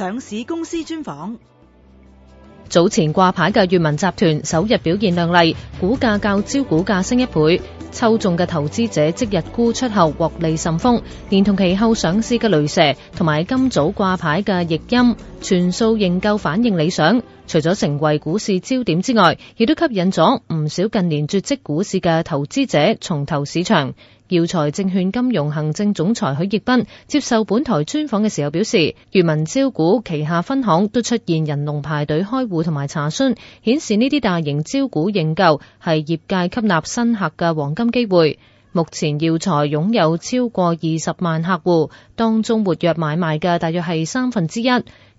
上市公司專訪。早前掛牌嘅閱文集團首日表現亮麗，股價較招股價升一倍。抽中嘅投資者即日沽出後獲利甚豐，連同其後上市嘅雷蛇同埋今早掛牌嘅易鑫全數認購反應理想。除咗成為股市焦點之外，亦都吸引咗唔少近年絕跡股市嘅投資者重投市場。耀才證券金融行政總裁許繹彬接受本台專訪嘅時候表示，閱文招股旗下分行都出現人龍排隊開戶同埋查詢，顯示呢啲大型招股認購係業界吸納新客嘅黃金金機會。目前耀才擁有超過二十萬客戶，當中活躍買賣嘅大約係三分之一。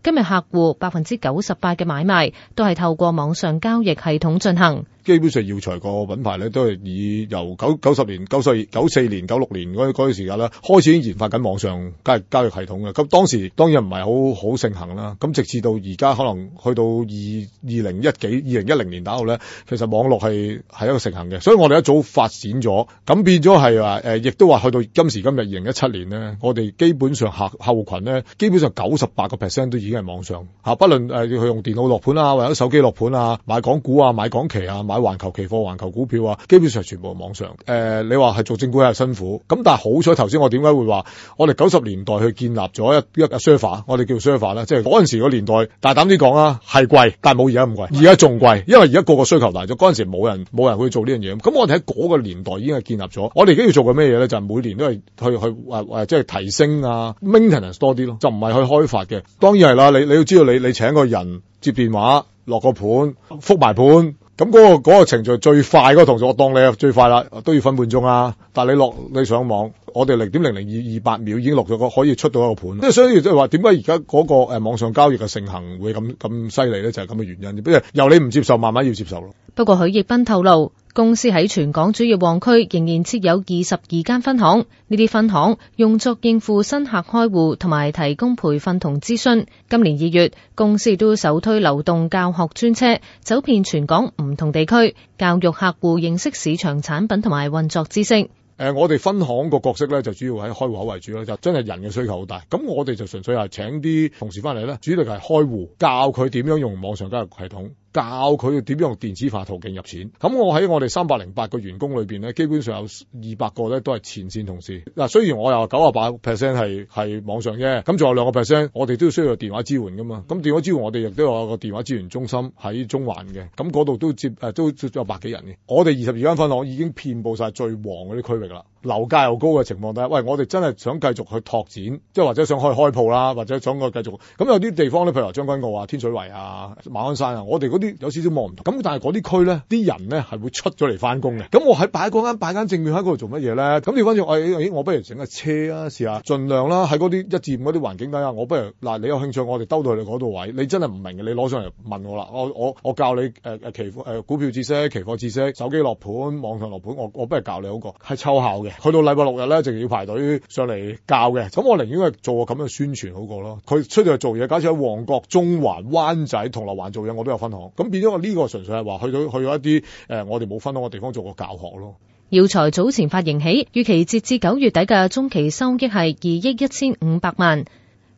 今日客戶百分之九十八嘅買賣都係透過網上交易系統進行。基本上耀才個品牌咧都係以由九九十年九四九四年九六年嗰嗰啲時間咧開始已經研發緊網上交易交易系統嘅。咁當時當然唔係好好盛行啦。咁直至到而家可能去到二二零一幾二零一零年打後咧，其實網絡係係一個盛行嘅。所以我哋一早發展咗，咁變咗係話誒，亦都話去到今時今日二零一七年咧，我哋基本上客客戶群咧，基本上九十八個 percent 都已經係網上嚇，不論誒要去用電腦落盤啊，或者手機落盤啊，買港股啊，買港期啊。買環球期貨、環球股票啊，基本上全部網上誒、呃。你話係做證券係辛苦咁，但係好彩頭先，我點解會話我哋九十年代去建立咗一一個 server，我哋叫 server 咧，即係嗰陣時個年代大膽啲講啊，係貴，但係冇而家咁貴，而家仲貴，因為而家個個需求大咗，嗰陣時冇人冇人去做呢樣嘢。咁我哋喺嗰個年代已經係建立咗，我哋而家要做嘅咩嘢咧，就係、是、每年都係去去誒誒、啊，即係提升啊 maintenance 多啲咯，就唔係去開發嘅。當然係啦，你你要知道，你你請個人接電話落個盤覆埋盤。咁嗰個嗰個程序最快嗰個同事，我當你係最快啦，都要分半鐘啊！但係你落你上網。我哋零點零零二二八秒已經落咗個，可以出到一個盤。即係所以即係話，點解而家嗰個誒網上交易嘅盛行會咁咁犀利呢？就係咁嘅原因。不過由你唔接受，慢慢要接受咯。不過許繹彬透露，公司喺全港主要旺區仍然設有二十二間分行，呢啲分行用作應付新客開戶同埋提供培訓同諮詢。今年二月，公司亦都首推流動教學專車，走遍全港唔同地區，教育客戶認識市場產品同埋運作知識。呃、我哋分行個角色呢，就主要喺開戶口為主咯，就係、真係人嘅需求好大，咁我哋就純粹係請啲同事翻嚟呢，主力係開戶，教佢點樣用網上交易系統。教佢要點用電子化途徑入錢。咁我喺我哋三百零八個員工裏邊咧，基本上有二百個咧都係前線同事。嗱，雖然我有九啊八 percent 係係網上啫，咁仲有兩個 percent 我哋都需要電話支援噶嘛。咁電話支援我哋亦都有個電話支援中心喺中環嘅。咁嗰度都接誒、呃、都有百幾人嘅。我哋二十二間分行已經遍佈晒最旺嗰啲區域啦。樓價又高嘅情況底下，喂，我哋真係想繼續去拓展，即係或者想可以開鋪啦，或者想我繼續咁有啲地方咧，譬如話將軍澳啊、天水圍啊、馬鞍山啊，我哋嗰啲有少少望唔同。咁但係嗰啲區咧，啲人咧係會出咗嚟翻工嘅。咁我喺擺嗰間擺間正面喺嗰度做乜嘢咧？咁你跟住我，我不如整個車啊，試下盡量啦，喺嗰啲一至五嗰啲環境底下，我不如嗱，你有興趣，我哋兜到去你嗰度位，你真係唔明嘅，你攞上嚟問我啦。我我我教你誒誒、呃、期貨誒、呃、股票知識、期貨知識、手機落盤、網上落盤，我我不如教你嗰個係抽效嘅。去到禮拜六日咧，就要排隊上嚟教嘅，咁我寧願係做個咁嘅宣傳好過咯。佢出到去做嘢，假設喺旺角、中環、灣仔、銅鑼灣做嘢，我都有分行，咁變咗我呢個純粹係話去到去咗一啲誒、呃，我哋冇分行嘅地方做個教學咯。耀才早前發盈喜，預期截至九月底嘅中期收益係二億一千五百萬。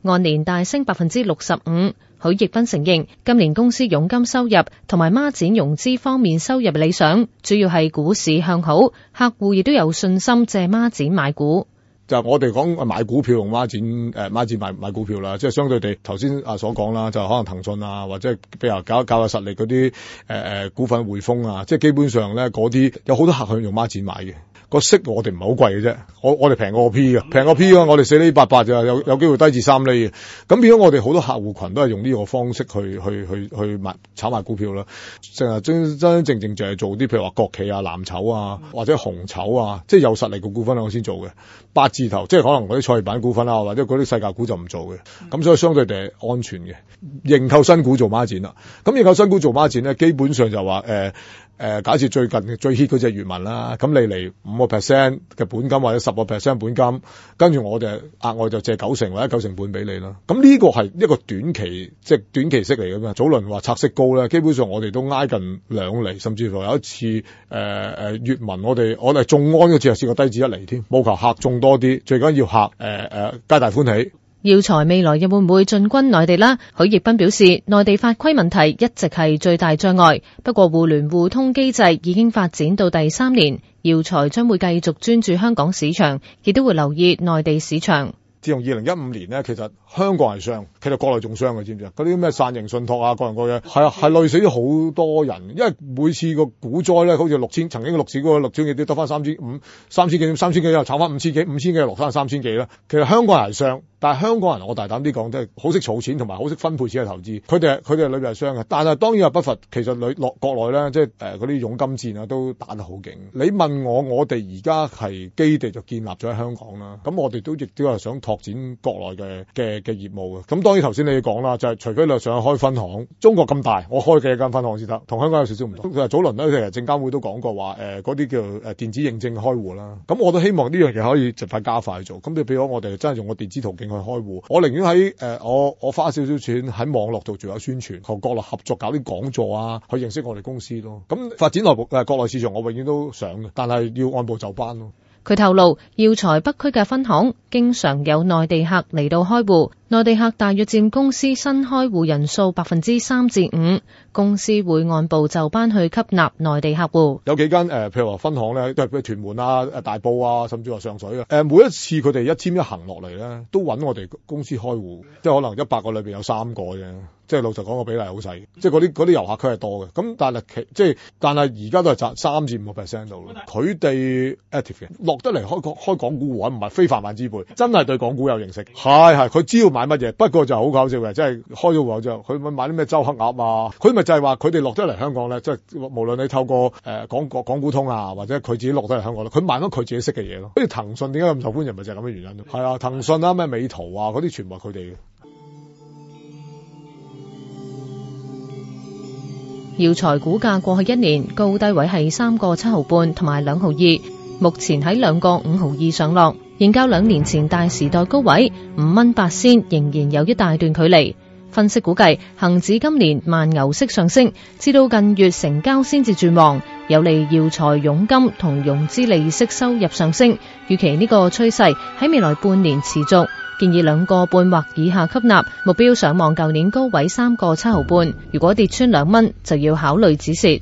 按年大升百分之六十五，許繹彬承認今年公司佣金收入同埋孖展融資方面收入理想，主要係股市向好，客戶亦都有信心借孖展買股。就我哋講，買股票用孖展，誒、呃，孖展買買股票啦，即係相對地，頭先啊所講啦，就可能騰訊啊，或者比如搞教育實力嗰啲，誒、呃、誒，股份匯豐啊，即係基本上咧，嗰啲有好多客向用孖展買嘅。個息我哋唔係好貴嘅啫，我我哋平過個 P 嘅，平個 P 啊，我哋四厘八八就有有機會低至三厘。咁變咗我哋好多客戶群都係用呢個方式去去去去買炒賣股票啦，成日真真正正就係做啲譬如話國企啊、藍籌啊、或者紅籌啊，即係有實力嘅股份啊我先做嘅。八字頭即係可能嗰啲創業板股份啊，或者嗰啲細價股就唔做嘅。咁所以相對地係安全嘅，認購新股做孖展啦。咁認購新股做孖展咧，基本上就話誒。呃誒、呃，假設最近最 hit 嗰隻閱文啦，咁你嚟五個 percent 嘅本金或者十個 percent 本金，跟住我就額外就借九成或者九成半俾你啦。咁呢個係一個短期即係、就是、短期息嚟噶嘛？早輪話拆息高咧，基本上我哋都挨近兩厘，甚至乎有一次誒誒閱文我哋我哋眾安嗰次係試過低至一厘添，務求客眾多啲，最緊要客誒誒皆大歡喜。耀才未來又會唔會進軍內地呢？許繹彬表示，內地法規問題一直係最大障礙，不過互聯互通機制已經發展到第三年，耀才將會繼續專注香港市場，亦都會留意內地市場。自從二零一五年咧，其實香港係傷，其實國內仲傷嘅，知唔知啊？嗰啲咩散型信託啊，各樣各樣，係啊，係累死咗好多人。因為每次個股災咧，好似六千，曾經六市嗰個六千幾點，得翻三千五、三千幾，三千幾又炒翻五千幾、五千幾又落翻三千幾啦。其實香港人係傷，但係香港人，我大膽啲講，即係好識儲錢同埋好識分配錢嘅投資。佢哋，佢哋裏邊係傷嘅，但係當然係不乏。其實裏落國內咧，即係誒嗰啲佣金戰啊，都打得好勁。你問我，我哋而家係基地就建立咗喺香港啦。咁我哋都亦都係想拓展國內嘅嘅嘅業務嘅，咁當然頭先你要講啦，就係、是、除非你想去開分行，中國咁大，我開幾間分行先得？同香港有少少唔同。早輪咧，其實證監會都講過話，誒、呃，嗰啲叫誒電子認證開戶啦。咁我都希望呢樣嘢可以盡快加快做。咁就，譬如我我哋真係用個電子途徑去開戶，我寧願喺誒、呃、我我花少少錢喺網絡度做下宣傳，同國內合作搞啲講座啊，去認識我哋公司咯。咁發展內部誒、呃、國內市場，我永遠都想嘅，但係要按部就班咯。佢透露，耀才北區嘅分行經常有內地客嚟到開戶，內地客大約佔公司新開戶人數百分之三至五。公司會按部就班去吸納內地客戶。有幾間誒、呃，譬如話分行咧，都係譬如屯門啊、誒大埔啊，甚至話上水啊。誒、呃，每一次佢哋一簽一行落嚟咧，都揾我哋公司開戶，即係可能一百個裏邊有三個啫。即係老實講，個比例好細，即係嗰啲啲遊客區係多嘅。咁但係其即係，但係而家都係賺三至五個 percent 到佢哋 active 嘅落得嚟開國開港股玩，唔係非泛泛之輩，真係對港股有認識。係係，佢知道買乜嘢，不過就好搞笑嘅，即係開咗戶口之後佢買啲咩周黑鴨啊，佢咪就係話佢哋落得嚟香港咧，即係無論你透過誒、呃、港港港股通啊，或者佢自己落得嚟香港咯，佢買咗佢自己識嘅嘢咯。跟住騰訊點解咁受歡迎，咪就係咁嘅原因咯。係啊，騰訊啊，咩美圖啊，嗰啲全部係佢哋嘅。耀才股價過去一年高低位係三個七毫半同埋兩毫二，目前喺兩個五毫二上落，仍較兩年前大時代高位五蚊八仙仍然有一大段距離。分析估計恒指今年慢牛式上升，至到近月成交先至轉旺，有利耀才佣金同融資利息收入上升。預期呢個趨勢喺未來半年持續。建議兩個半或以下吸納，目標上望舊年高位三個七毫半。如果跌穿兩蚊，就要考慮止蝕。